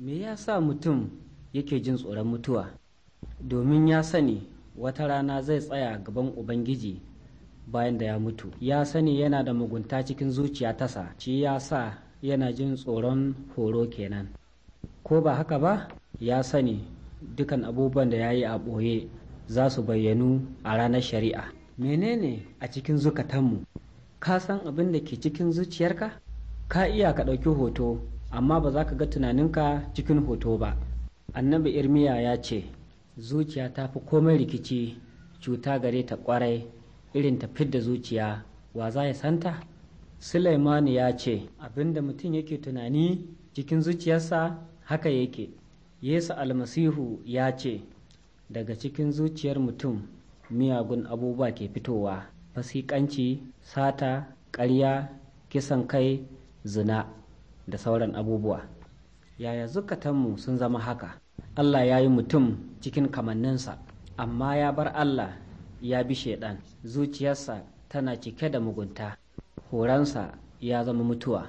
me ya sa mutum yake jin tsoron mutuwa domin ya sani wata rana zai tsaya gaban ubangiji bayan da ya mutu ya sani yana da mugunta cikin zuciya tasa shi ya sa yana jin tsoron horo kenan ko ba haka ba ya sani dukan abubuwan da ya yi a ɓoye za su bayyanu a ranar shari'a menene a cikin zukatanmu ka san abin da ke cikin zuciyarka ka iya ka ɗauki hoto amma ba za ka ga tunaninka cikin hoto ba annabi irmiya ya ce zuciya ta fi komai rikici cuta gare ta kwarai irin ta fidda zuciya wa za ya santa sulaimani ya ce abinda mutum yake tunani cikin zuciyarsa haka yake yesu almasihu ya ce daga cikin zuciyar mutum miyagun abubuwa ke fitowa fasikanci sata ƙarya kisan kai zina da sauran abubuwa yaya zukatanmu sun zama haka allah ya yi mutum cikin kamanninsa amma ya bar allah ya bi shaidan zuciyarsa tana cike da mugunta horonsa ya zama mutuwa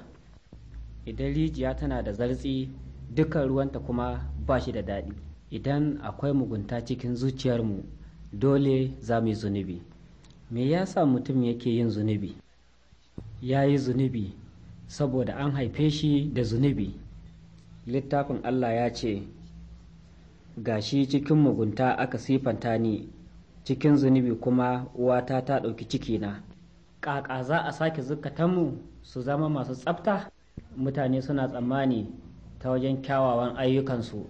idan rijiya tana da zartsi dukkan ruwanta kuma ba shi da daɗi idan akwai mugunta cikin zuciyarmu dole za mu yi zunubi me ya sa mutum yake yin zunubi ya yi zunubi saboda an haife shi da zunubi littafin Allah ya ce gashi cikin mugunta aka sifanta ni cikin zunubi kuma uwata ta ɗauki cikina ƙaƙa za a sake mu su zama masu tsafta mutane suna tsammani ta wajen kyawawan ayyukansu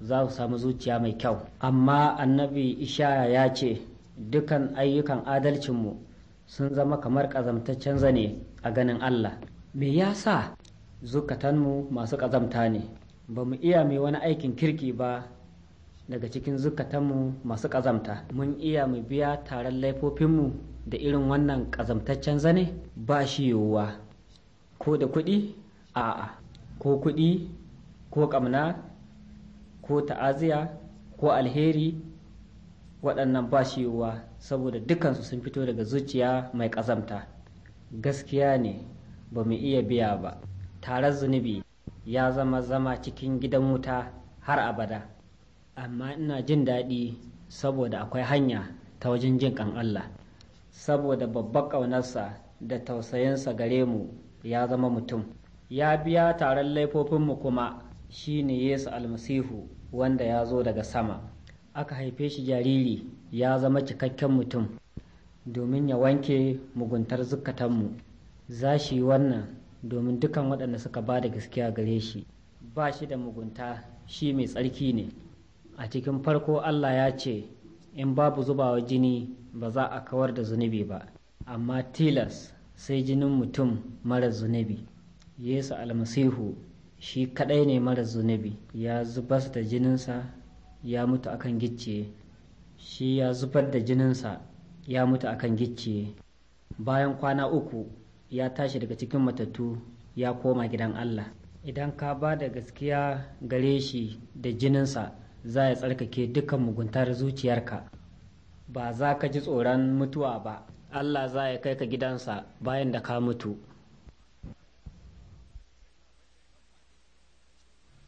za su samu zuciya mai kyau amma annabi ishaya ya ce dukan ayyukan adalcinmu sun zama kamar ƙazamtaccen zane a ganin allah me ya sa zukatanmu masu ƙazamta ne ba mu iya mai wani aikin kirki ba daga cikin zukatanmu masu ƙazamta mun iya mu biya taron laifofinmu da irin wannan ƙazamtaccen zane ba shi yiwuwa ko da kuɗi a'a ko kuɗi ko ƙamna ko ta'aziya ko alheri waɗannan ba shi yiwuwa saboda dukansu sun fito daga zuciya mai ƙazamta gaskiya ne ba mu iya biya ba tare zunubi ya zama zama cikin gidan wuta har abada amma ina jin daɗi saboda akwai hanya ta wajen jin kan Allah saboda babbar ƙaunarsa da tausayinsa gare mu ya zama mutum ya biya taron laifofinmu kuma Shi ne Yesu almasihu wanda ya zo daga sama aka haife shi jariri ya zama cikakken mutum domin ya wanke muguntar zukatanmu za shi wannan domin dukan waɗanda suka ba da gaskiya gare shi ba shi da mugunta shi mai tsarki ne a cikin farko allah ya ce in babu zubawa jini ba za a kawar da zunubi ba amma tilas sai jinin mutum mara zunubi yesu almasihu shi kaɗai ne mara zunubi ya zubar da jininsa ya mutu akan gicciye shi ya zubar da jininsa ya mutu akan gicciye bayan kwana uku ya tashi daga cikin matattu ya koma gidan Allah idan ka ba da gaskiya gare shi da jininsa za ya tsarkake dukkan muguntar zuciyarka ba za ka ji tsoron mutuwa ba Allah za ya kai ka gidansa bayan da ka mutu